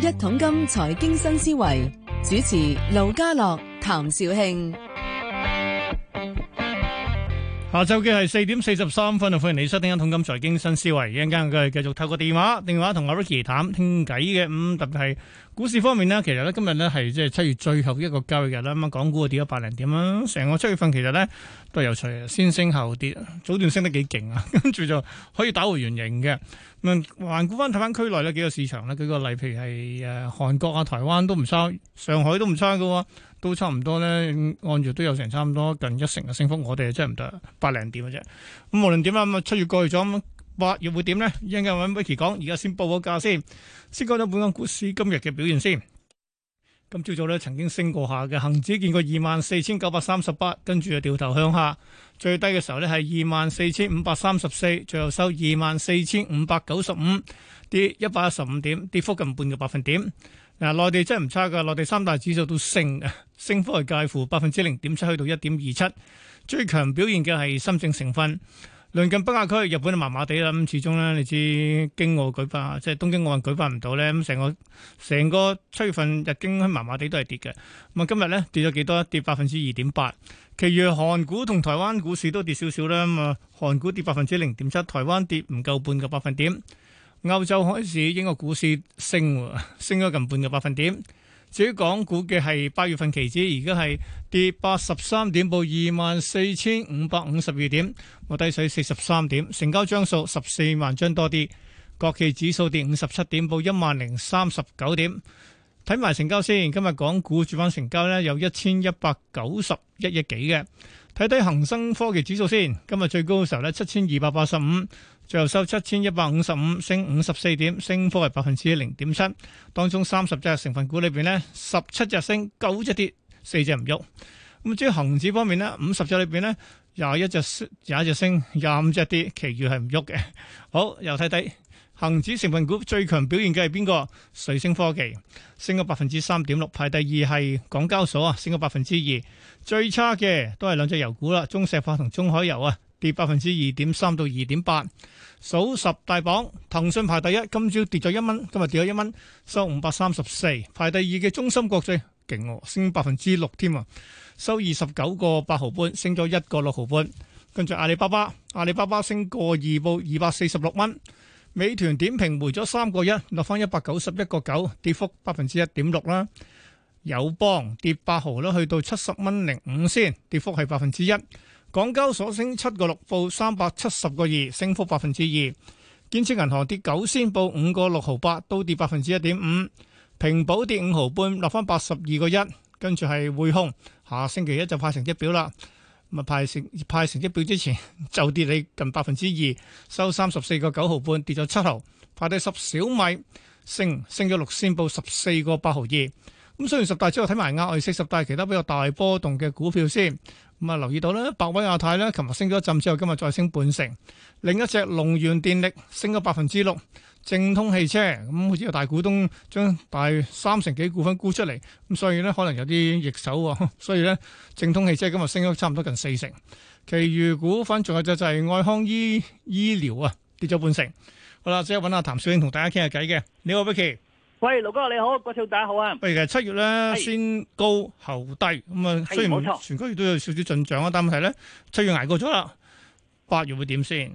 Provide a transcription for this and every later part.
一桶金財經新思維主持盧家樂、譚紹興。下晝嘅係四點四十三分啊！歡迎你收聽一桶金財經新思維。一陣間我哋繼續透過電話電話同阿 Ricky 談傾偈嘅。咁、嗯、特別係股市方面呢，其實咧今日呢係即係七月最後一個交易日啦。咁啊，港股跌咗百零點啦。成個七月份其實呢都係有趣先升後跌，早段升得幾勁啊，跟住就可以打回原形嘅。環顧翻，睇翻區內咧幾個市場咧，舉個例，譬如係誒韓國啊、台灣都唔差，上海都唔差嘅，都差唔多咧。按月都有成差唔多近一成嘅升幅，我哋真係唔得百零點嘅啫。咁無論點啦，咁七月過去咗，八月會點咧？一陣間揾 Vicky 講，而家先報個價先。先講咗本港股市今日嘅表現先。今朝早咧曾經升過下嘅，恒指見過二萬四千九百三十八，跟住就掉頭向下，最低嘅時候呢係二萬四千五百三十四，最後收二萬四千五百九十五，115，跌一百一十五點，跌幅近半個百分點。嗱、啊，內地真係唔差噶，內地三大指數都升，升幅係介乎百分之零點七去到一點二七，最強表現嘅係深證成分。鄰近北亞區，日本就麻麻地啦。咁始終咧，你知京澳舉辦，即係東京奧運舉辦唔到咧，咁成個成個七月份日經喺麻麻地都係跌嘅。咁啊，今日咧跌咗幾多？跌百分之二點八。其餘韓股同台灣股市都跌少少啦。咁啊，韓股跌百分之零點七，台灣跌唔夠半個百分點。歐洲開市，英國股市升，升咗近半個百分點。至於港股嘅係八月份期指，而家係跌八十三點，報二萬四千五百五十二點，我低水四十三點。成交張數十四萬張多啲。國企指數跌五十七點，報一萬零三十九點。睇埋成交先，今日港股主板成交呢有一千一百九十一億幾嘅。睇睇恒生科技指數先，今日最高嘅時候呢七千二百八十五。最後收七千一百五十五，升五十四點，升幅係百分之零點七。當中三十隻成分股裏邊咧，十七隻升，九隻跌，四隻唔喐。咁至於恒指方面咧，五十隻裏邊咧，廿一隻廿一隻升，廿五隻跌，其餘係唔喐嘅。好，又睇睇恒指成分股最強表現嘅係邊個？瑞聲科技升咗百分之三點六，排第二係港交所啊，升咗百分之二。最差嘅都係兩隻油股啦，中石化同中海油啊。跌百分之二點三到二點八，數十大榜騰訊排第一，今朝跌咗一蚊，今日跌咗一蚊，收五百三十四。排第二嘅中芯國際勁喎、哦，升百分之六添啊，收二十九個八毫半，升咗一個六毫半。跟住阿里巴巴，阿里巴巴升過二部二百四十六蚊，美團點評回咗三個一，落翻一百九十一個九，跌幅百分之一點六啦。友邦跌八毫啦，去到七十蚊零五先，跌幅係百分之一。港交所升七個六，報三百七十個二，升幅百分之二。建設銀行跌九仙，報五個六毫八，都跌百分之一點五。平保跌五毫半，落翻八十二個一。跟住係匯控，下星期一就派成績表啦。啊派,派成派成績表之前就跌你近百分之二，收三十四個九毫半，跌咗七毫。派低十小米，升升咗六仙，報十四個八毫二。咁雖然十大之後睇埋亞外四十大，其他比較大波動嘅股票先咁啊，留意到咧，百威亞太咧，琴日升咗一陣之後，今日再升半成。另一隻龍源電力升咗百分之六，正通汽車，咁好似有大股東將大三成幾股份沽出嚟，咁所以咧可能有啲逆手，所以咧正通汽車今日升咗差唔多近四成。其餘股份仲有隻就係愛康醫醫療啊，跌咗半成。好啦，即刻揾阿譚紹興同大家傾下偈嘅，你好，Buki。喂，盧哥你好，郭少大家好啊！實七月咧是先高後低，咁啊，雖然全個月都有少少進賬啊，是但係咧七月挨過咗啦，八月會點先？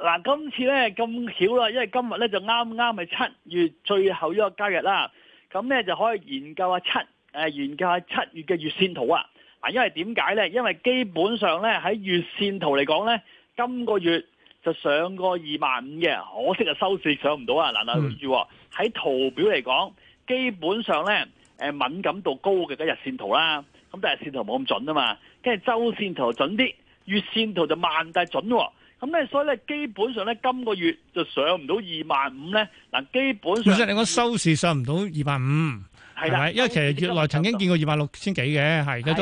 嗱，今次咧咁巧啦，因為今日咧就啱啱係七月最後一個交易啦，咁咧就可以研究下、啊、七誒，研究下、啊、七月嘅月線圖啊！因為點解咧？因為基本上咧喺月線圖嚟講咧，今個月。就上過二萬五嘅，可惜啊收市上唔到啊！嗱嗱住喎，喺圖表嚟講，基本上咧，誒敏感度高嘅，梗係日線圖啦。咁但係線圖冇咁準啊嘛，跟住周線圖準啲，月線圖就慢但係準、啊。咁咧，所以咧，基本上咧，今個月就上唔到二萬五咧。嗱，基本上，其實你講收市上唔到二萬五，係啦的，因為其實月來曾經見過二萬六千幾嘅，係的，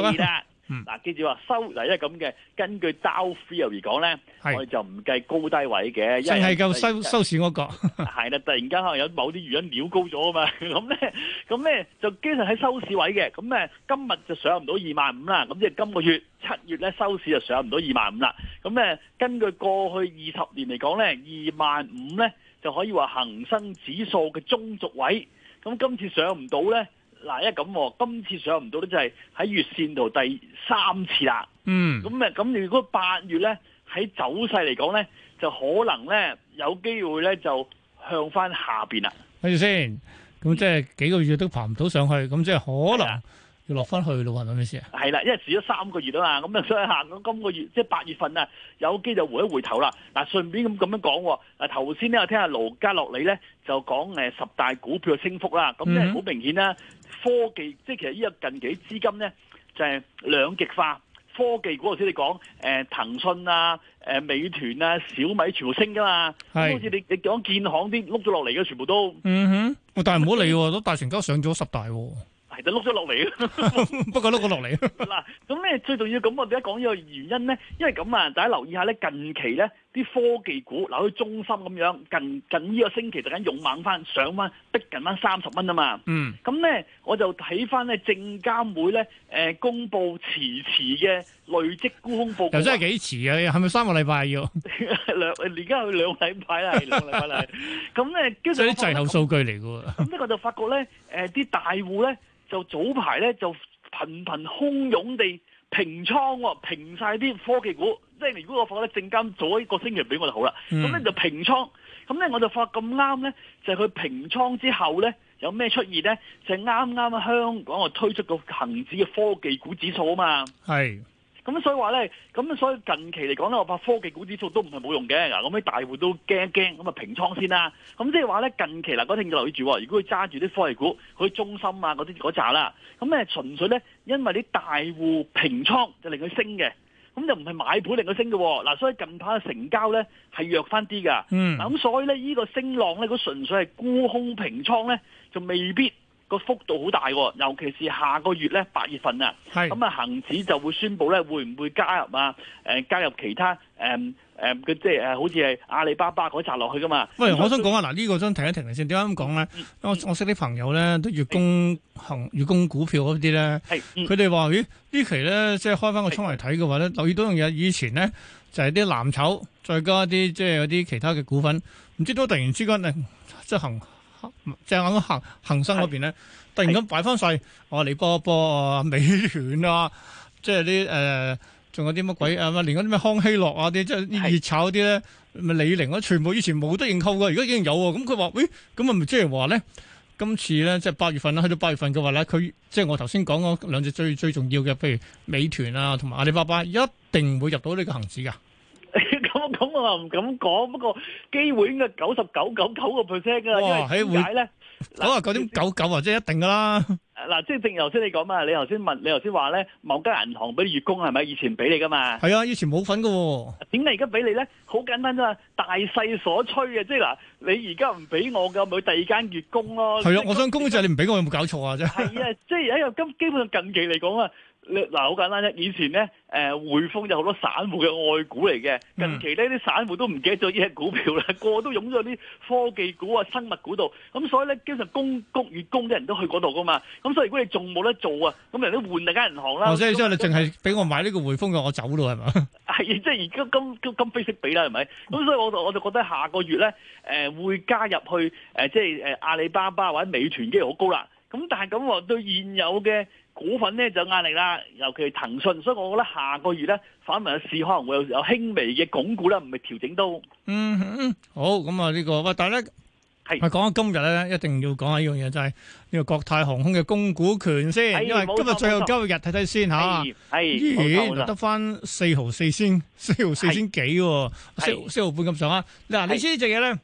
嗱，嗯、記住話收，嗱，因為咁嘅，根據 Dow Theory 嚟而講呢，是我哋就唔計高低位嘅，淨係夠收收市嗰個。係 啦，突然間可能有某啲原因料高咗啊嘛，咁咧，咁咧就經常喺收市位嘅。咁呢，今日就上唔到二萬五啦。咁即係今個月七月咧收市就上唔到二萬五啦。咁呢，根據過去二十年嚟講咧，二萬五咧就可以話恒生指數嘅中軸位。咁今次上唔到咧？嗱，一咁，今次上唔到咧，就係喺月線度第三次啦。嗯，咁咁，如果八月咧喺走勢嚟講咧，就可能咧有機會咧就向翻下邊啦。睇住先，咁即係幾個月都爬唔到上去，咁、嗯、即係可能要落翻去咯，係咪先？係啦，因為遲咗三個月啊嘛，咁啊所以行到今個月，即係八月份啊，有機就回一回頭啦。嗱，順便咁咁樣講，喎。頭先咧我聽阿羅嘉樂里咧就講誒十大股票嘅升幅啦，咁、嗯、即係好明顯啦。科技即係其實呢個近期資金咧就係兩極化，科技股頭先你講誒騰訊啊、誒、呃呃、美團啊、小米全部升噶嘛，好似是你你講建行啲碌咗落嚟嘅全部都，全部都嗯哼，但係唔好理、啊， 都大成交上咗十大係、啊，就碌咗落嚟，下來了 不過碌咗落嚟。嗱， 咁咧最重要咁，我哋一講呢個原因咧，因為咁啊，大家留意下咧，近期咧。啲科技股嗱，去中心咁樣近近呢個星期，突然勇猛翻上翻，逼近翻三十蚊啊嘛。嗯，咁咧我就睇翻咧證監會咧，誒公佈遲遲嘅累積沽空報告。又真係幾遲啊？係咪三個禮拜要兩而家佢兩禮拜啦，兩禮拜啦。咁咧 呢，跟住啲滯後數據嚟喎。咁呢，我就發覺咧，誒啲大戶咧就早排咧就頻頻洶湧地。平倉平晒啲科技股，即係如果我放喺證監早一個星期俾我就好啦。咁咧、嗯、就平倉，咁咧我就發咁啱咧，就佢、是、平倉之後咧有咩出現咧，就啱、是、啱香港推出個恒指嘅科技股指數啊嘛。係。咁所以話咧，咁所以近期嚟講咧，我發科技股指數都唔係冇用嘅，咁啲大戶都驚驚，咁啊平倉先啦、啊。咁即係話咧，近期嗱，嗰聽嘅留意住，如果佢揸住啲科技股，佢、那個、中心啊嗰啲嗰扎啦，咁咧純粹咧，因為啲大戶平倉就令佢升嘅，咁就唔係買盤令佢升嘅、啊。嗱，所以近排嘅成交咧係弱翻啲㗎。嗯，咁所以咧，呢個升浪咧，佢純粹係沽空平倉咧，就未必。個幅度好大喎、哦，尤其是下個月咧，八月份啊，咁啊是，恒指就會宣布咧，會唔會加入啊？呃、加入其他誒誒即係好似係阿里巴巴嗰扎落去噶嘛？喂，以我想講啊，嗱、這、呢個真停一停先，點解咁講咧？我我識啲朋友咧，都月供是行月供股票嗰啲咧，佢哋、嗯、話咦呢期咧即係開翻個倉嚟睇嘅話咧，是留意到樣嘢，以前咧就係、是、啲藍籌再加啲即係有啲其他嘅股份，唔知都突然之間咧係。哎、即行。即係恒恒生嗰邊咧，是突然間擺翻晒，哦是，李、啊、波波啊，美團啊，即係啲誒，仲、呃、有啲乜鬼連些什麼啊？連嗰啲咩康希諾啊啲，即係啲熱炒啲咧，咪李寧啊，全部以前冇得認購嘅，而家已經有啊。咁佢話，喂，咁、欸、啊，唔即係話咧，今次咧、就是，即係八月份啦，去到八月份嘅話咧，佢即係我頭先講嗰兩隻最最重要嘅，譬如美團啊，同埋阿里巴巴，一定會入到呢個恒指噶。咁、哦、我又唔敢講，不過機會應該九十九九九個 percent 噶啦，因為點解咧？嗰個九點九九即係一定噶啦。嗱，即係正如頭先你講嘛，你頭先問，你頭先話咧某間銀行俾你月供係咪以前俾你噶嘛？係啊，以前冇份噶、啊。點解而家俾你咧？好簡單啫、啊，大勢所趨嘅。即係嗱，你而家唔俾我噶，咪第二間月供咯、啊。係啊，我想供就係你唔俾我，是有冇搞錯啊？啫。係啊，即係喺度咁基本上近期嚟講啊。嗱，好、啊、簡單啫，以前咧誒、呃、匯豐就好多散戶嘅外股嚟嘅，近期呢啲散戶都唔記得咗呢隻股票啦，個個都湧咗啲科技股啊、生物股度，咁所以咧經常供股月供啲人都去嗰度噶嘛，咁所以如果你仲冇得做啊，咁人哋換另一間銀行啦。或者、哦、所以都你淨係俾我買呢個匯豐嘅，我走咯係嘛？係，即係而家今今非昔比啦，係咪？咁所以我就我就覺得下個月咧誒、呃、會加入去誒、呃、即係誒阿里巴巴或者美團，機會好高啦。咁但係咁對現有嘅股份咧就有壓力啦，尤其係騰訊，所以我覺得下個月咧反為嘅市可能會有有輕微嘅鞏固啦，唔係調整都。嗯，好，咁啊呢個喂，但係咧，係，我講今日咧一定要講下一樣嘢，就係呢個國泰航空嘅供股權先，因為今日最後交易日睇睇先吓，係，咦，得翻，四毫四仙，四毫四仙幾，四四毫半咁上下。嗱，你知呢隻嘢咧？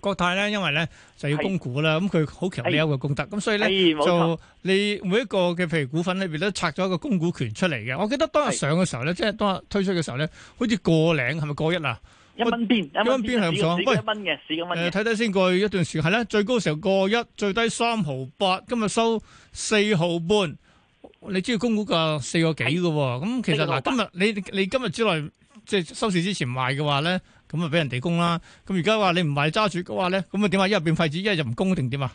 國泰咧，因為咧就要供股啦，咁佢好強你有個功德，咁是所以咧就你每一個嘅譬如股份裏邊都拆咗一個供股權出嚟嘅。我記得當日上嘅時候咧，是即係當日推出嘅時候咧，好似過零係咪過一啊？一蚊邊一蚊邊係咁做，一蚊嘅市一睇睇、呃、先，過去一段時間係啦，最高時候過一，最低三毫八，今日收四毫半。你知唔知供股價四個幾喎。咁是、嗯、其實嗱，五五今日你你今日之內。即係收市之前賣嘅話咧，咁啊俾人提供啦。咁而家話你唔賣揸住嘅話咧，咁啊點啊？一係變廢紙，一係就唔供定點啊？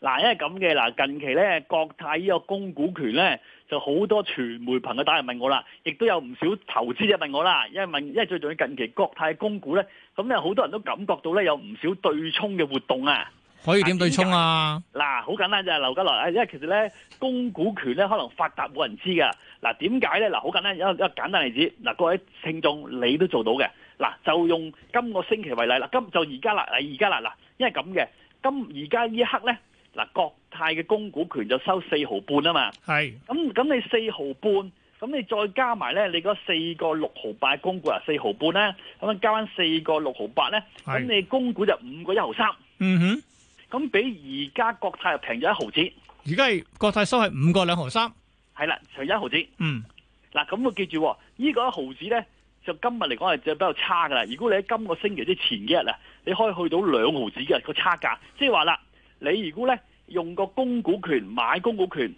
嗱，因為咁嘅嗱，近期咧國泰呢個供股權咧，就好多傳媒朋友打嚟問我啦，亦都有唔少投資者問我啦。因為問，因為最重要近期國泰供股咧，咁咧好多人都感覺到咧有唔少對沖嘅活動啊。可以點對沖啊？嗱，好、啊、簡單就係劉家樂，因為其實咧供股權咧可能發達冇人知噶。嗱，點解咧？嗱，好簡單，一個一個簡單例子。嗱，各位聽眾，你都做到嘅。嗱，就用今個星期為例啦。今就而家啦，而家啦，嗱，因為咁嘅。今而家呢一刻咧，嗱，國泰嘅供股權就收四毫半啊嘛。係是。咁咁，你四毫半，咁你再加埋咧，你嗰四個六毫八供股啊，四毫半咧，咁加翻四個六毫八咧？咁你供股就五個一毫三。嗯哼是。咁比而家國泰又平咗一毫子。而家係國泰收係五個兩毫三。係啦，就、就是、一毫子。嗯，嗱咁我記住，呢、這個一毫子咧，就今日嚟講係就比較差噶啦。如果你喺今個星期即係、就是、前幾日啊，你可以去到兩毫子嘅個差價。即係話啦，你如果咧用個供股權買供股權，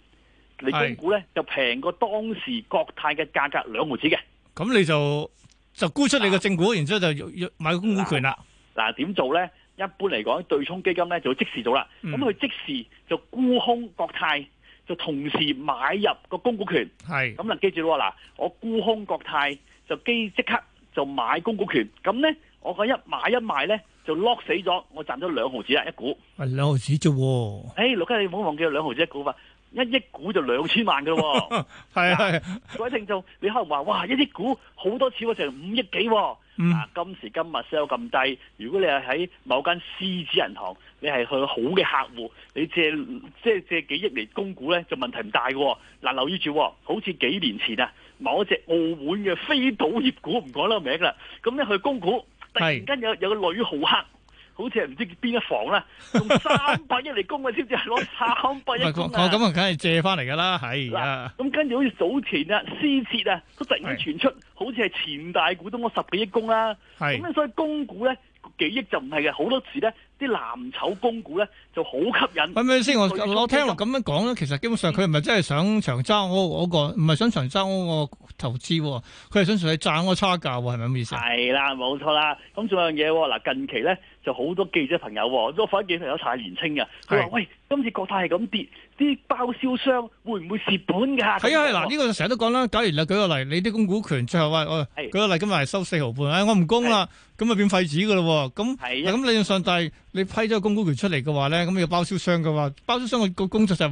你供股咧是就平過當時國泰嘅價格兩毫子嘅。咁你就就沽出你嘅正股，啊、然之後就要買供股權啦。嗱、啊，點、啊、做咧？一般嚟講，對沖基金咧就會即時做啦。咁佢、嗯、即時就沽空國泰。就同時買入個公股權，係咁啦，記住啦，嗱，我沽空國泰就即即刻就買公股權，咁咧，我一買一賣咧就 lock 死咗，我賺咗兩毫紙啦，一股，係兩毫紙啫喎，誒、哎，六家你唔好忘記兩毫紙一股啊，一億股就兩千萬噶咯，係 啊， 各位聽眾，你可能話哇，一億股好多錢喎，成五億幾，啊，嗯、今時今日 sell 咁低，如果你係喺某間獅子銀行。你係去好嘅客戶，你借即係借，借幾億嚟供股咧，就問題唔大嘅。嗱，留意住、哦，好似幾年前啊，某隻澳門嘅非賭業股唔講啦個名啦，咁咧去供股，突然間有是有個女豪客，好似係唔知邊一房啦，用三百億嚟供 啊，知唔知？係攞三百億我咁啊，梗係借翻嚟噶啦，係咁跟住好似早前啊，私設啊，都突然間傳出，是好似係前大股東攞十幾億供啦、啊。咁咧是所以供股咧。幾億就唔係嘅，好多時咧啲藍籌供股咧就好吸引，係咪先？我我聽落咁樣講咧，其實基本上佢唔係真係想長揸嗰嗰個，唔係想長揸嗰個投資，佢係想想賺嗰差價喎，係咪咁意思？係啦，冇錯啦。咁仲有樣嘢喎，嗱，近期咧。就好多記者朋友喎，都反記者朋友太年青嘅。佢話：的喂，今次國泰係咁跌，啲包銷商會唔會蝕本㗎？係啊，嗱，呢個成日都講啦。假如啊，舉個例，你啲供股權最後話，我的舉個例，今日係收四毫半，唉、哎，我唔供啦，咁咪的變廢紙㗎咯。咁咁理論上，但你批咗供股權出嚟嘅話咧，咁要包銷商嘅話，包銷商嘅工作就係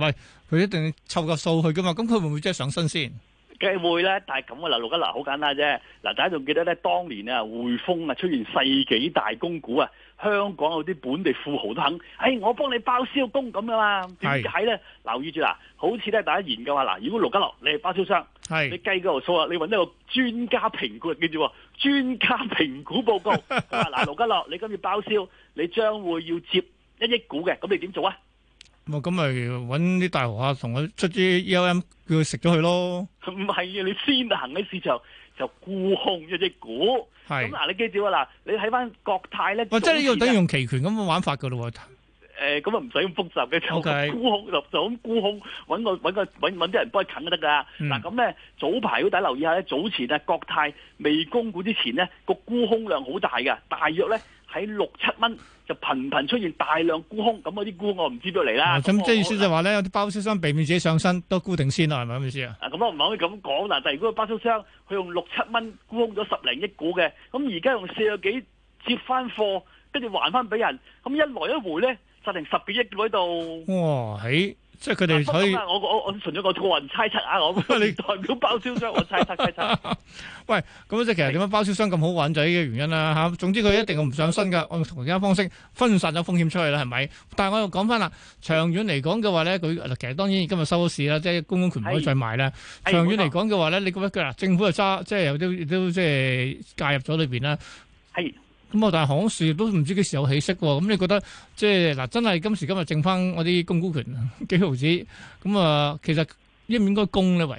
喂，佢一定要湊個數去㗎嘛。咁佢會唔會即係上身先？梗係會咧，但係咁啊！嗱，陸吉納好簡單啫。嗱，大家仲記得咧，當年啊，匯豐啊出現世紀大供股啊，香港有啲本地富豪都肯，誒、哎，我幫你包銷工咁噶嘛？點解咧？是留意住嗱，好似咧，大家研究下嗱，如果陸吉納你係包銷商，是你計嗰個數啊，你揾到個專家評估，記住喎，專家評估報告嗱，陸吉納，你今次包銷，你將會要接一億股嘅，咁你點做啊？咁咪揾啲大豪客同佢出啲 E.O.M，叫佢食咗佢咯。唔係啊，你先行啲市場就沽空一隻股。係咁嗱，你記住啊，嗱，你睇翻國泰咧。即係你要等於用期權咁嘅玩法噶咯。誒、呃，咁啊唔使咁複雜嘅，就沽空就咁沽空揾個揾個揾揾啲人幫佢啃得噶。嗱、嗯，咁咧早排好大家留意下咧，早前啊國泰未供股之前咧，個沽空量好大噶，大約咧。喺六七蚊就頻頻出現大量沽空，咁嗰啲沽我唔知得嚟唔知道嚟啦。咁即係意思就係話咧，有啲包銷商避免自己上身，都固定沽定先啦，係咪咁意思啊？啊，咁都我唔可以咁講啦。但係如果包銷商佢用六七蚊沽空咗十零億股嘅，咁而家用四十幾接翻貨，跟住還翻俾人，咁一來一回咧，就成十幾億喺度。哇！喺。即係佢哋可以，我我我純咗個個人猜測啊！我你代表包銷商，你 我猜測 猜測。喂，咁即係其實點解包銷商咁好玩就係呢個原因啦、啊、嚇、啊。總之佢一定唔上身㗎。我同樣方式分散咗風險出去啦，係咪？但係我又講翻啦，長遠嚟講嘅話咧，佢其實當然今日收市啦，即、就、係、是、供股權唔可以再賣啦。的長遠嚟講嘅話咧，哎、你覺得嗱政府就揸，即係有啲都即係介入咗裏邊啦。係。咁啊，但係行事，都唔知幾時有起色喎。咁你覺得即係嗱，真係今時今日剩翻我啲公股權幾毫子？咁、嗯、啊，其實應唔應該供呢？喂，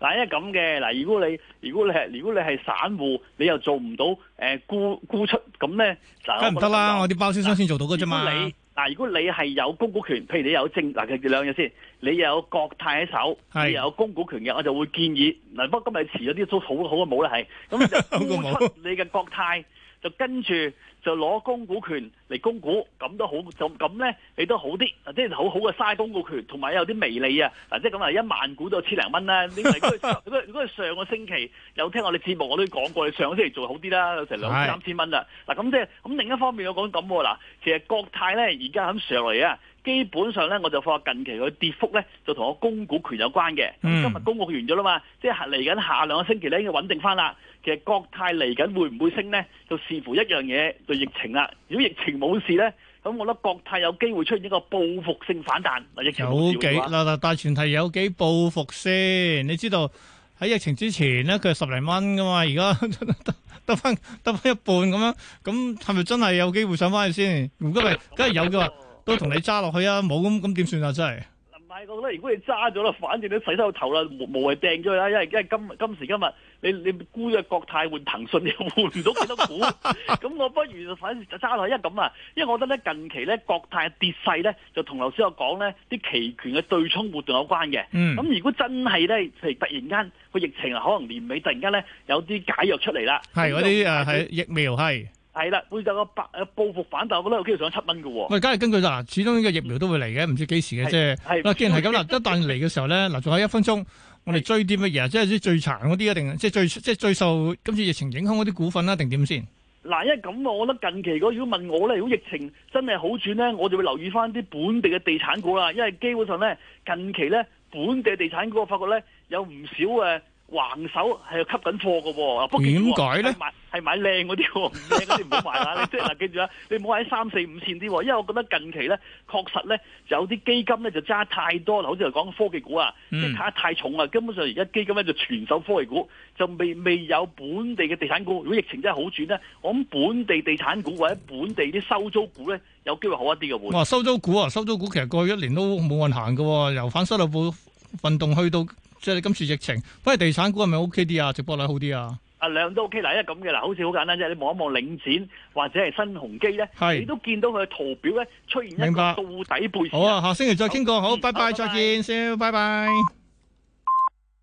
嗱，因為咁嘅嗱，如果你如果你係如果你係散戶，你又做唔到誒沽沽出咁咧，就梗唔得啦！我啲包先生先做到嘅啫嘛。嗱，如果你係有公股權，譬如你有淨嗱，其兩樣先，你又有國泰喺手，你又有公股權嘅，我就會建議嗱。不過是今日遲咗啲，都好好嘅冇啦，係咁就沽出你嘅國泰。 就跟住就攞供股權嚟供股，咁都好，就咁咧，你都好啲，即係好好嘅嘥供股權，同埋有啲微利啊！嗱、啊，即係咁啊，一萬股都千零蚊啦。如果如果係上個星期有聽我哋節目，我都講過，你上個星期做好啲啦，有成兩三千蚊啦。嗱， 咁即係咁另一方面，我講咁喎，嗱，其實國泰咧而家咁上嚟啊。基本上咧，我就話近期佢跌幅咧，就同我供股權有關嘅。今日供股完咗啦嘛，即係嚟緊下兩個星期咧，應該穩定翻啦。其實國泰嚟緊會唔會升咧？就視乎一樣嘢，就疫情啦。如果疫情冇事咧，咁我覺得國泰有機會出現一個報復性反彈。疫情有幾嗱嗱，大前提有幾報復先？你知道喺疫情之前咧，佢係十零蚊噶嘛，而家得得翻得翻一半咁樣，咁係咪真係有機會上翻去先？唔該喂，梗係有嘅話。都同你揸落去啊！冇咁咁點算啊！真係，唔係我覺得如果你揸咗啦，反正都洗手頭啦，無無謂掟咗啦，因為而家今今時今日，你你沽嘅國泰換騰訊，你換唔到幾多股，咁 我不如反正就揸落去，因為咁啊，因為我覺得咧近期咧國泰跌勢咧，就同頭先我講咧啲期權嘅對沖活動有關嘅。咁、嗯、如果真係咧，譬如突然間個疫情可能年尾突然間咧有啲解藥出嚟啦，係嗰啲誒係疫苗係。係啦，會有個百誒報復反彈嘅咧，有機會上七蚊嘅喎。梗係根據嗱，始終呢個疫苗都會嚟嘅，唔、嗯、知幾時嘅啫。係嗱，係既然係咁啦， 一旦嚟嘅時候咧，嗱仲有一分鐘，我哋追啲乜嘢？即係最慘嗰啲一定即係最即係最受今次疫情影響嗰啲股份啦，定點先？嗱，因為咁我覺得近期如果問我咧，如果疫情真係好轉咧，我就會留意翻啲本地嘅地產股啦。因為基本上咧，近期咧本地的地產股我發覺咧有唔少誒。呃橫手係吸緊貨嘅喎，點解咧？呢買係買靚嗰啲喎，唔靚嗰啲唔好買啦。即係嗱，記住啦，你唔好喺三四五線啲，因為我覺得近期咧確實咧有啲基金咧就揸太多啦。好似嚟講科技股啊，即係揸得太重啊，根本上而家基金咧就全守科技股，就未未有本地嘅地產股。如果疫情真係好轉咧，我諗本地地產股或者本地啲收租股咧有機會好一啲嘅會。哇！收租股啊，收租股其實過去一年都冇運行嘅，由反修例運動去到。即係你今次疫情，不過地產股係咪 O K 啲啊？直播率好啲啊？阿亮、啊、都 O K，嗱，一咁嘅啦，的好似好簡單啫。你望一望領展或者係新鴻基咧，是你都見到佢嘅圖表咧出現一個到底背好啊，下星期再傾過，好，好好拜拜，拜拜再見，先，拜拜。拜拜。